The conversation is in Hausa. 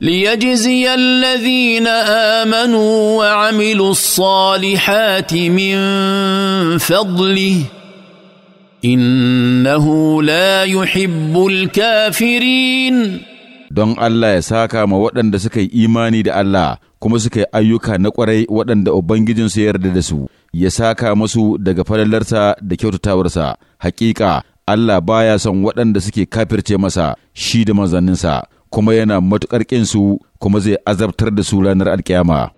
ليجزي الذين امنوا وعملوا الصالحات من فضله انه لا يحب الكافرين don Allah ya saka ma waɗanda suka yi imani da Allah kuma suka yi ayyuka na ƙwarai waɗanda Ubangijinsu ya yarda da su, ya saka musu daga falalarsa da kyautatawarsa, hakika Allah baya son waɗanda suke kafirce masa shi da manzanninsa. kuma yana matuƙar ƙinsu kuma zai azabtar da su ranar alkiyama.